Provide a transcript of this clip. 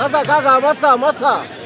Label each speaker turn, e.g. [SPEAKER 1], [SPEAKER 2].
[SPEAKER 1] Masa gaga masa masa.